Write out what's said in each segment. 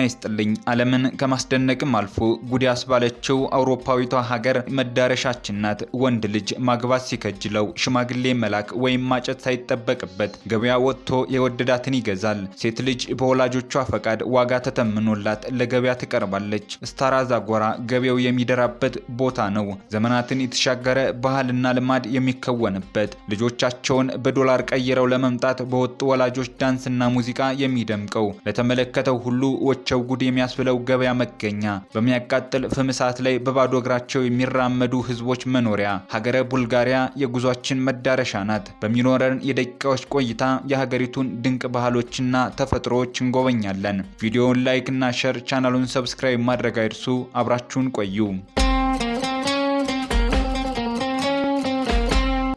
ጤና ይስጥልኝ። ዓለምን ከማስደነቅም አልፎ ጉድ ባለችው አውሮፓዊቷ ሀገር መዳረሻችን ናት። ወንድ ልጅ ማግባት ሲከጅለው ሽማግሌ መላክ ወይም ማጨት ሳይጠበቅበት ገበያ ወጥቶ የወደዳትን ይገዛል። ሴት ልጅ በወላጆቿ ፈቃድ ዋጋ ተተምኖላት ለገበያ ትቀርባለች። ስታራ ዛጎራ ገበያው የሚደራበት ቦታ ነው። ዘመናትን የተሻገረ ባህልና ልማድ የሚከወንበት ልጆቻቸውን በዶላር ቀይረው ለመምጣት በወጡ ወላጆች ዳንስና ሙዚቃ የሚደምቀው ለተመለከተው ሁሉ እግራቸው ጉድ የሚያስብለው ገበያ መገኛ፣ በሚያቃጥል ፍም እሳት ላይ በባዶ እግራቸው የሚራመዱ ህዝቦች መኖሪያ ሀገረ ቡልጋሪያ የጉዟችን መዳረሻ ናት። በሚኖረን የደቂቃዎች ቆይታ የሀገሪቱን ድንቅ ባህሎችና ተፈጥሮዎች እንጎበኛለን። ቪዲዮውን ላይክ እና ሸር፣ ቻናሉን ሰብስክራይብ ማድረግ አይርሱ። አብራችሁን ቆዩ።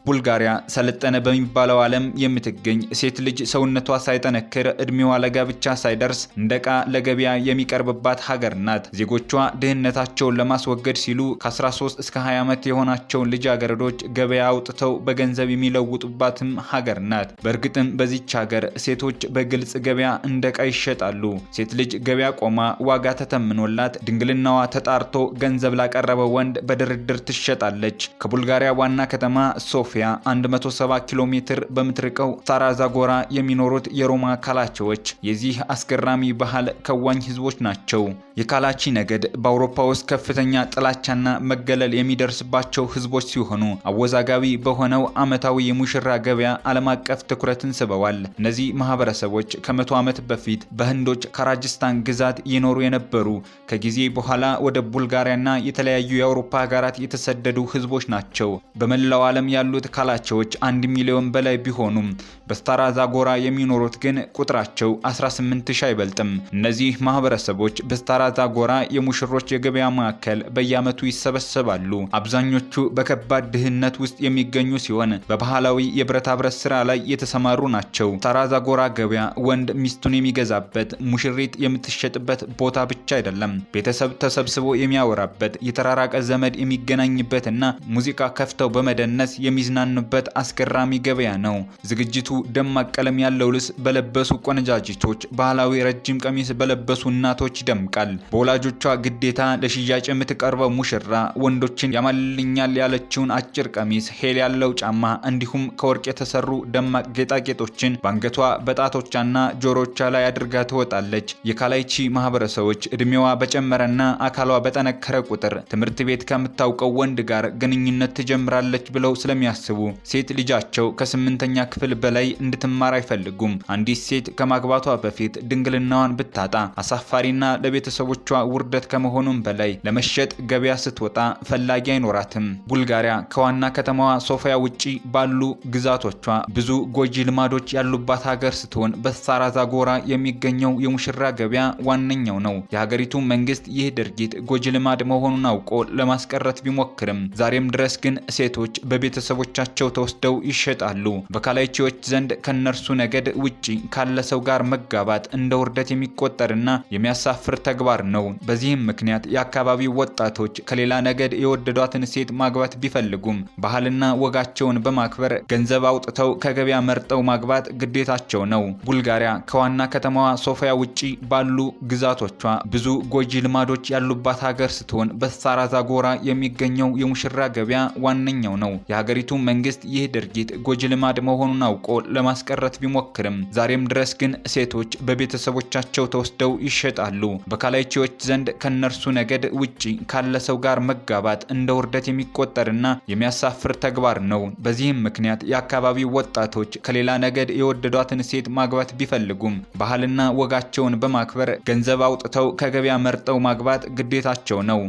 ቡልጋሪያ ሰለጠነ በሚባለው ዓለም የምትገኝ ሴት ልጅ ሰውነቷ ሳይጠነክር እድሜዋ ለጋብቻ ሳይደርስ እንደ ዕቃ ለገበያ የሚቀርብባት ሀገር ናት። ዜጎቿ ድህነታቸውን ለማስወገድ ሲሉ ከ13 እስከ 20 ዓመት የሆናቸውን ልጃገረዶች ገበያ አውጥተው በገንዘብ የሚለውጡባትም ሀገር ናት። በእርግጥም በዚች ሀገር ሴቶች በግልጽ ገበያ እንደ ዕቃ ይሸጣሉ። ሴት ልጅ ገበያ ቆማ ዋጋ ተተምኖላት ድንግልናዋ ተጣርቶ ገንዘብ ላቀረበ ወንድ በድርድር ትሸጣለች። ከቡልጋሪያ ዋና ከተማ ሶፍ ሶፊያ 170 ኪሎ ሜትር በምትርቀው ታራዛጎራ የሚኖሩት የሮማ ካላቻዎች የዚህ አስገራሚ ባህል ከዋኝ ህዝቦች ናቸው። የካላቺ ነገድ በአውሮፓ ውስጥ ከፍተኛ ጥላቻና መገለል የሚደርስባቸው ህዝቦች ሲሆኑ አወዛጋቢ በሆነው ዓመታዊ የሙሽራ ገበያ ዓለም አቀፍ ትኩረትን ስበዋል። እነዚህ ማህበረሰቦች ከመቶ ዓመት በፊት በህንዶች ካራጅስታን ግዛት ይኖሩ የነበሩ ከጊዜ በኋላ ወደ ቡልጋሪያና የተለያዩ የአውሮፓ ሀገራት የተሰደዱ ህዝቦች ናቸው። በመላው ዓለም ያሉ የሚኖሩት ካላቻዎች አንድ ሚሊዮን በላይ ቢሆኑም በስታራ ዛጎራ የሚኖሩት ግን ቁጥራቸው 18 ሺ አይበልጥም። እነዚህ ማህበረሰቦች በስታራ ዛጎራ የሙሽሮች የገበያ ማዕከል በየዓመቱ ይሰበሰባሉ። አብዛኞቹ በከባድ ድህነት ውስጥ የሚገኙ ሲሆን በባህላዊ የብረታ ብረት ስራ ላይ የተሰማሩ ናቸው። ስታራ ዛጎራ ገበያ ወንድ ሚስቱን የሚገዛበት፣ ሙሽሪት የምትሸጥበት ቦታ ብቻ አይደለም። ቤተሰብ ተሰብስቦ የሚያወራበት፣ የተራራቀ ዘመድ የሚገናኝበት እና ሙዚቃ ከፍተው በመደነስ የሚዝ የምንዝናኑበት አስገራሚ ገበያ ነው። ዝግጅቱ ደማቅ ቀለም ያለው ልብስ በለበሱ ቆነጃጅቶች፣ ባህላዊ ረጅም ቀሚስ በለበሱ እናቶች ይደምቃል። በወላጆቿ ግዴታ ለሽያጭ የምትቀርበው ሙሽራ ወንዶችን ያማልኛል ያለችውን አጭር ቀሚስ፣ ሄል ያለው ጫማ እንዲሁም ከወርቅ የተሰሩ ደማቅ ጌጣጌጦችን በአንገቷ በጣቶቿና ጆሮቿ ላይ አድርጋ ትወጣለች። የካላይቺ ማህበረሰቦች እድሜዋ በጨመረና አካሏ በጠነከረ ቁጥር ትምህርት ቤት ከምታውቀው ወንድ ጋር ግንኙነት ትጀምራለች ብለው ስለሚያስ የሚያስቡ ሴት ልጃቸው ከስምንተኛ ክፍል በላይ እንድትማር አይፈልጉም። አንዲት ሴት ከማግባቷ በፊት ድንግልናዋን ብታጣ አሳፋሪና ለቤተሰቦቿ ውርደት ከመሆኑም በላይ ለመሸጥ ገበያ ስትወጣ ፈላጊ አይኖራትም። ቡልጋሪያ ከዋና ከተማዋ ሶፊያ ውጪ ባሉ ግዛቶቿ ብዙ ጎጂ ልማዶች ያሉባት ሀገር ስትሆን በሳራ ዛጎራ የሚገኘው የሙሽራ ገበያ ዋነኛው ነው። የሀገሪቱ መንግስት ይህ ድርጊት ጎጂ ልማድ መሆኑን አውቆ ለማስቀረት ቢሞክርም ዛሬም ድረስ ግን ሴቶች በቤተሰቦች ከቤተሰቦቻቸው ተወስደው ይሸጣሉ። በካላይቺዎች ዘንድ ከነርሱ ነገድ ውጪ ካለ ሰው ጋር መጋባት እንደ ውርደት የሚቆጠርና የሚያሳፍር ተግባር ነው። በዚህም ምክንያት የአካባቢው ወጣቶች ከሌላ ነገድ የወደዷትን ሴት ማግባት ቢፈልጉም ባህልና ወጋቸውን በማክበር ገንዘብ አውጥተው ከገበያ መርጠው ማግባት ግዴታቸው ነው። ቡልጋሪያ ከዋና ከተማዋ ሶፊያ ውጪ ባሉ ግዛቶቿ ብዙ ጎጂ ልማዶች ያሉባት ሀገር ስትሆን በሳራዛጎራ የሚገኘው የሙሽራ ገበያ ዋነኛው ነው። የሀገሪቱ መንግስት ይህ ድርጊት ጎጂ ልማድ መሆኑን አውቆ ለማስቀረት ቢሞክርም ዛሬም ድረስ ግን ሴቶች በቤተሰቦቻቸው ተወስደው ይሸጣሉ። በካላይቺዎች ዘንድ ከነርሱ ነገድ ውጪ ካለ ሰው ጋር መጋባት እንደ ውርደት የሚቆጠርና የሚያሳፍር ተግባር ነው። በዚህም ምክንያት የአካባቢው ወጣቶች ከሌላ ነገድ የወደዷትን ሴት ማግባት ቢፈልጉም ባህልና ወጋቸውን በማክበር ገንዘብ አውጥተው ከገበያ መርጠው ማግባት ግዴታቸው ነው።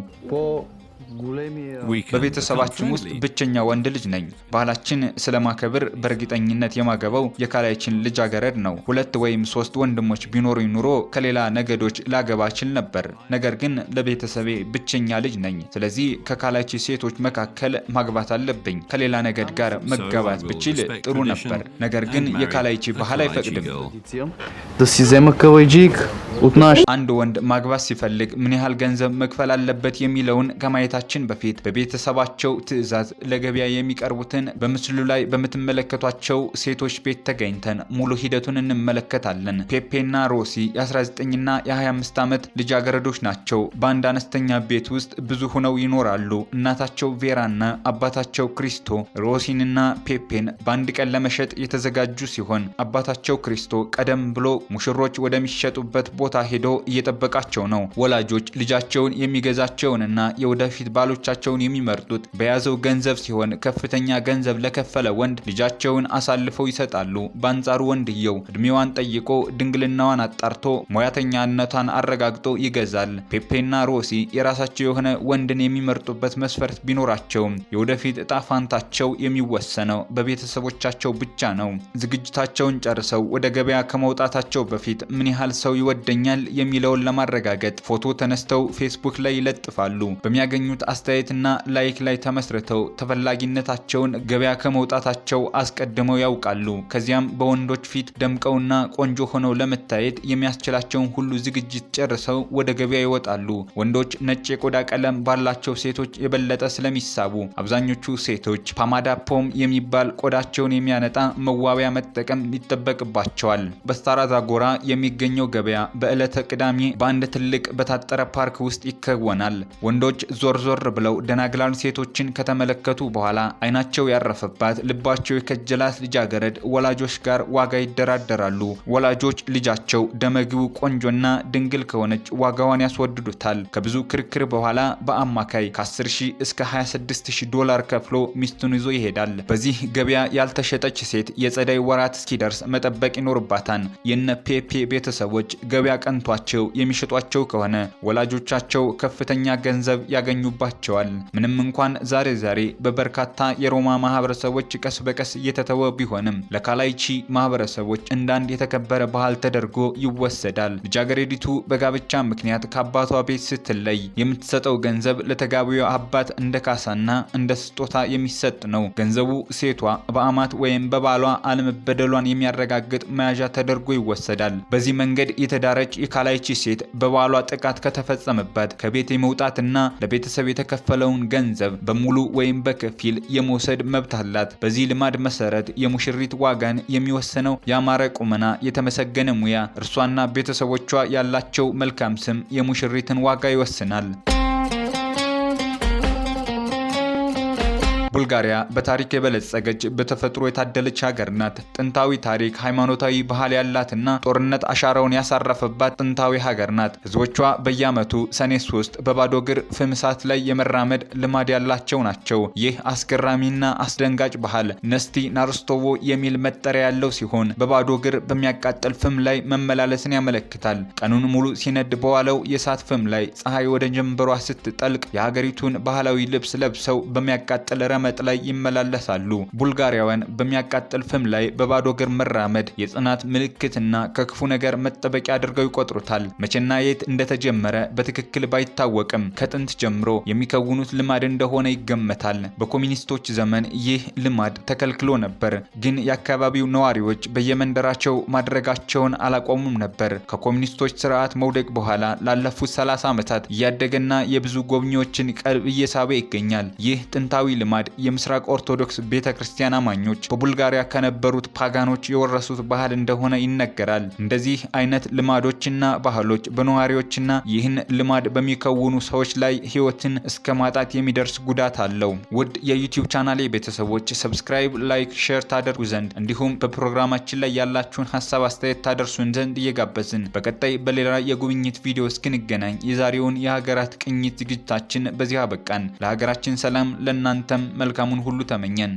በቤተሰባችን ውስጥ ብቸኛ ወንድ ልጅ ነኝ። ባህላችን ስለማከብር በእርግጠኝነት የማገባው የካላይችን ልጃገረድ ነው። ሁለት ወይም ሶስት ወንድሞች ቢኖሩኝ ኑሮ ከሌላ ነገዶች ላገባ ችል ነበር። ነገር ግን ለቤተሰቤ ብቸኛ ልጅ ነኝ። ስለዚህ ከካላይቺ ሴቶች መካከል ማግባት አለብኝ። ከሌላ ነገድ ጋር መጋባት ብችል ጥሩ ነበር። ነገር ግን የካላይቺ ባህል አይፈቅድም። የሚያውቁት ናቸው። አንድ ወንድ ማግባት ሲፈልግ ምን ያህል ገንዘብ መክፈል አለበት የሚለውን ከማየታችን በፊት በቤተሰባቸው ትዕዛዝ ለገበያ የሚቀርቡትን በምስሉ ላይ በምትመለከቷቸው ሴቶች ቤት ተገኝተን ሙሉ ሂደቱን እንመለከታለን። ፔፔና ሮሲ የ19ና የ25 ዓመት ልጃገረዶች ናቸው። በአንድ አነስተኛ ቤት ውስጥ ብዙ ሆነው ይኖራሉ። እናታቸው ቬራና አባታቸው ክሪስቶ ሮሲንና ፔፔን በአንድ ቀን ለመሸጥ የተዘጋጁ ሲሆን አባታቸው ክሪስቶ ቀደም ብሎ ሙሽሮች ወደሚሸጡበት ቦታ ቦታ ሄዶ እየጠበቃቸው ነው። ወላጆች ልጃቸውን የሚገዛቸውንና የወደፊት ባሎቻቸውን የሚመርጡት በያዘው ገንዘብ ሲሆን ከፍተኛ ገንዘብ ለከፈለ ወንድ ልጃቸውን አሳልፈው ይሰጣሉ። በአንጻሩ ወንድየው እድሜዋን ጠይቆ ድንግልናዋን አጣርቶ ሙያተኛነቷን አረጋግጦ ይገዛል። ፔፔና ሮሲ የራሳቸው የሆነ ወንድን የሚመርጡበት መስፈርት ቢኖራቸውም የወደፊት እጣ ፋንታቸው የሚወሰነው በቤተሰቦቻቸው ብቻ ነው። ዝግጅታቸውን ጨርሰው ወደ ገበያ ከመውጣታቸው በፊት ምን ያህል ሰው ይወደኛል ይገኛል የሚለውን ለማረጋገጥ ፎቶ ተነስተው ፌስቡክ ላይ ይለጥፋሉ። በሚያገኙት አስተያየትና ላይክ ላይ ተመስርተው ተፈላጊነታቸውን ገበያ ከመውጣታቸው አስቀድመው ያውቃሉ። ከዚያም በወንዶች ፊት ደምቀውና ቆንጆ ሆነው ለመታየት የሚያስችላቸውን ሁሉ ዝግጅት ጨርሰው ወደ ገበያ ይወጣሉ። ወንዶች ነጭ የቆዳ ቀለም ባላቸው ሴቶች የበለጠ ስለሚሳቡ አብዛኞቹ ሴቶች ፓማዳ ፖም የሚባል ቆዳቸውን የሚያነጣ መዋቢያ መጠቀም ይጠበቅባቸዋል። በስታራዛጎራ የሚገኘው ገበያ በዕለተ ቅዳሜ በአንድ ትልቅ በታጠረ ፓርክ ውስጥ ይከወናል። ወንዶች ዞር ዞር ብለው ደናግላል ሴቶችን ከተመለከቱ በኋላ አይናቸው ያረፈባት ልባቸው የከጀላት ልጃገረድ ወላጆች ጋር ዋጋ ይደራደራሉ። ወላጆች ልጃቸው ደመግቡ ቆንጆና ድንግል ከሆነች ዋጋዋን ያስወድዱታል። ከብዙ ክርክር በኋላ በአማካይ ከ10 ሺህ እስከ 26 ሺህ ዶላር ከፍሎ ሚስቱን ይዞ ይሄዳል። በዚህ ገበያ ያልተሸጠች ሴት የጸደይ ወራት እስኪደርስ መጠበቅ ይኖርባታል። የነ ፔፔ ቤተሰቦች ገበያ ቀንቷቸው የሚሸጧቸው ከሆነ ወላጆቻቸው ከፍተኛ ገንዘብ ያገኙባቸዋል። ምንም እንኳን ዛሬ ዛሬ በበርካታ የሮማ ማህበረሰቦች ቀስ በቀስ እየተተወ ቢሆንም ለካላይቺ ማህበረሰቦች እንዳንድ የተከበረ ባህል ተደርጎ ይወሰዳል። ልጃገረዲቱ በጋብቻ ምክንያት ከአባቷ ቤት ስትለይ የምትሰጠው ገንዘብ ለተጋቢዋ አባት እንደ ካሳና እንደ ስጦታ የሚሰጥ ነው። ገንዘቡ ሴቷ በአማት ወይም በባሏ አለመበደሏን የሚያረጋግጥ መያዣ ተደርጎ ይወሰዳል። በዚህ መንገድ የተዳረ የቀረች የካላይቺ ሴት በባሏ ጥቃት ከተፈጸመበት ከቤት የመውጣትና ለቤተሰብ የተከፈለውን ገንዘብ በሙሉ ወይም በከፊል የመውሰድ መብት አላት። በዚህ ልማድ መሰረት የሙሽሪት ዋጋን የሚወስነው ያማረ ቁመና፣ የተመሰገነ ሙያ፣ እርሷና ቤተሰቦቿ ያላቸው መልካም ስም የሙሽሪትን ዋጋ ይወስናል። ቡልጋሪያ በታሪክ የበለጸገች በተፈጥሮ የታደለች ሀገር ናት። ጥንታዊ ታሪክ፣ ሃይማኖታዊ ባህል ያላትና ጦርነት አሻራውን ያሳረፈባት ጥንታዊ ሀገር ናት። ህዝቦቿ በየዓመቱ ሰኔ ሶስት በባዶ እግር ፍም እሳት ላይ የመራመድ ልማድ ያላቸው ናቸው። ይህ አስገራሚና አስደንጋጭ ባህል ነስቲ ናርስቶቮ የሚል መጠሪያ ያለው ሲሆን በባዶ እግር በሚያቃጥል ፍም ላይ መመላለስን ያመለክታል። ቀኑን ሙሉ ሲነድ በዋለው የእሳት ፍም ላይ ፀሐይ ወደ ጀንበሯ ስትጠልቅ የሀገሪቱን ባህላዊ ልብስ ለብሰው በሚያቃጥል በመቀመጥ ላይ ይመላለሳሉ። ቡልጋሪያውያን በሚያቃጥል ፍም ላይ በባዶ እግር መራመድ የጽናት ምልክትና ከክፉ ነገር መጠበቂያ አድርገው ይቆጥሩታል። መቼና የት እንደተጀመረ በትክክል ባይታወቅም ከጥንት ጀምሮ የሚከውኑት ልማድ እንደሆነ ይገመታል። በኮሚኒስቶች ዘመን ይህ ልማድ ተከልክሎ ነበር፣ ግን የአካባቢው ነዋሪዎች በየመንደራቸው ማድረጋቸውን አላቆሙም ነበር። ከኮሚኒስቶች ስርዓት መውደቅ በኋላ ላለፉት 30 ዓመታት እያደገና የብዙ ጎብኚዎችን ቀልብ እየሳበ ይገኛል። ይህ ጥንታዊ ልማድ የምስራቅ ኦርቶዶክስ ቤተ ክርስቲያን አማኞች በቡልጋሪያ ከነበሩት ፓጋኖች የወረሱት ባህል እንደሆነ ይነገራል። እንደዚህ አይነት ልማዶችና ባህሎች በነዋሪዎችና ይህን ልማድ በሚከውኑ ሰዎች ላይ ሕይወትን እስከ ማጣት የሚደርስ ጉዳት አለው። ውድ የዩቲዩብ ቻናሌ ቤተሰቦች ሰብስክራይብ፣ ላይክ፣ ሼር ታደርጉ ዘንድ እንዲሁም በፕሮግራማችን ላይ ያላችሁን ሀሳብ አስተያየት ታደርሱን ዘንድ እየጋበዝን በቀጣይ በሌላ የጉብኝት ቪዲዮ እስክንገናኝ የዛሬውን የሀገራት ቅኝት ዝግጅታችን በዚህ አበቃን። ለሀገራችን ሰላም ለእናንተም መልካሙን ሁሉ ተመኘን።